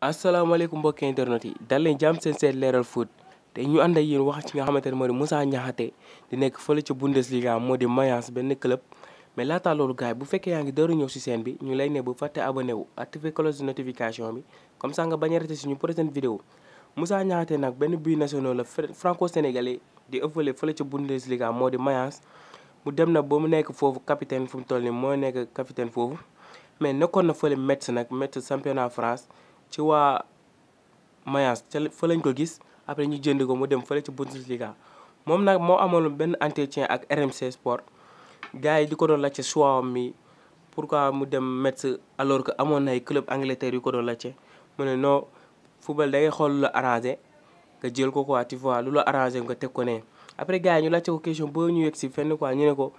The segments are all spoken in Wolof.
asalaamaaleykum mbokki internet yi dal leen jàmm seen seet leeral foot te ñu ànd ak yéen wax ci nga xamante ne moo di Moussa di nekk fële ca Bundesliga moo di Mayence benn club mais laataa loolu gars yi bu fekkee yaa ngi dooru ñëw si seen bi ñu lay ne bu fàtte abonné wu activé cloche de notification bi comme ça nga bañ a rate suñu prochaine vidéo Moussa Niakhaté nag benn but national la franco sénégalais di ëppale fële ca Bundesliga moo di Mayence mu dem na ba mu nekk foofu capitaine fu mu toll nii moo nekk capitaine foofu mais nekkoon na fële Metz nag Metz championnat France ci waa Mayence ca fa lañ ko gis après ñu jënd ko mu dem fële ci Bundesliga moom nag moo amaloon benn entretien ak RMC Sport gars yi di ko doon laajte choix mi pourquoi mu dem Metz alors que amoon na ay club Angleterre yu ko doon laajte mu ne non football da ngay xool lu la arrangé nga jël ko quoi tu vois lu la arrangé nga teg ko ne après gars yi ñu laajte ko question boo ñu yegg si fenn quoi ñu ne ko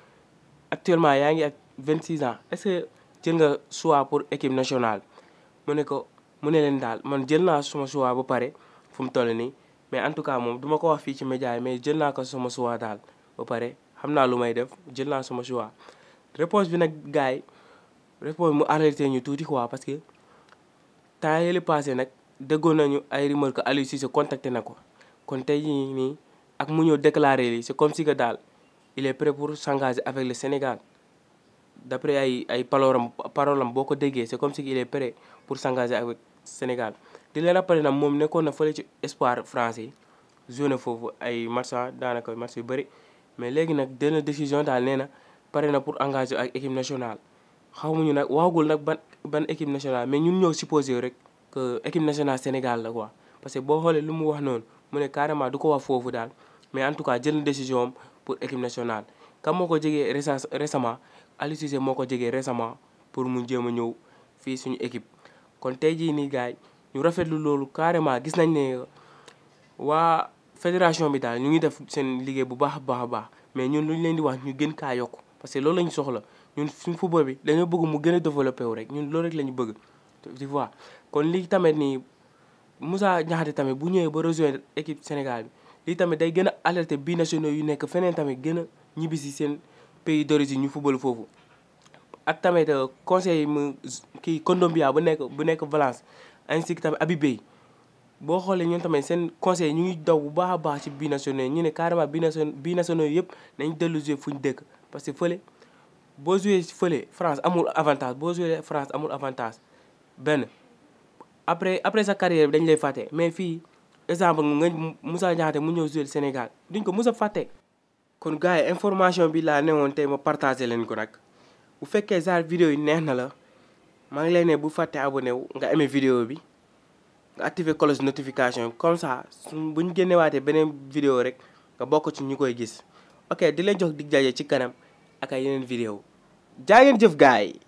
actuellement yaa ngi ak 26 ans est-ce que jël nga choix pour équipe nationale mu ne ko. mu ne leen daal man jël naa suma choix ba pare fu mu toll nii mais en tout cas moom duma ko wax fii ci média mais jël naa ko suma choix daal ba pare xam naa lu may def jël naa suma choix. réponse bi nag gars yi réponse mu arrêté ñu tuuti quoi parce que temps yële passé nag déggoon nañu ay rumeur que Aliou Cissé contacté na ko kon tey jii nii ak mu ñëw déclaré lii c'est comme si ko daal il est prêt pour s'engager avec le Sénégal. d'après ay ay parolam parolam boo ko déggee c'est comme si il est prêt pour s'engager avec Sénégal di leen rappelé nag moom nekkoon na fële ci espoir français joué na foofu ay match ah, daanaka match yu bëri mais léegi nag dana décision daal nee na pare na pour engager ak équipe nationale xamuñu nag waagul nag ban ban équipe nationale mais ñun ñoo supposé rek que équipe nationale Sénégal la quoi parce que boo xoolee lu mu wax noonu mu ne carrément du ko wax foofu daal mais en tout cas jël na décision pour équipe nationale kam moo ko jegee récemment Aliou Cissé moo ko jegee récemment pour mu jéem a ñëw suñu équipe kon tey jii nii gars yi ñu rafetlu loolu carrément gis nañ ne waa fédération bi daal ñu ngi def seen liggéey bu baax a baax a baax mais ñun lu ñu leen di wax ñu gën kaa yokk parce que loolu lañu soxla ñun suñu football bi dañoo bëgg mu gën a wu rek ñun loolu rek la ñu bëgg tu vois kon lii tamit nii Moussa Niakhaté tamit bu ñëwee ba rejoindre équipe Sénégal bi lii tamit day gën a alerté bi nationaux yu nekk feneen tamit gën a ñibbi seen pays d'origine ñu football foofu ak tamit euh, conseil mu condom bu Valence ainsi que tamit abibé boo xoolee ñoom conseil ñu ngi daw bu baax a ci ne carrément nañ parce que jouer France amul avantage jouer France amul avantage après sa carrière dañ mais exemple Moussa mu Sénégal duñ ko a kon information bi laa ma bu fekkee genre vidéo yi neex na la maa ngi lay ne bu fàtte abonné wu nga amee vidéo bi nga activer cloche notification comme ça suñ bu ñu génnewaatee beneen vidéo rek nga bokk ci ñu koy gis ok di leen jox dig jaje ci kanam ak ay yeneen vidéo jaa ngeen jëf gaay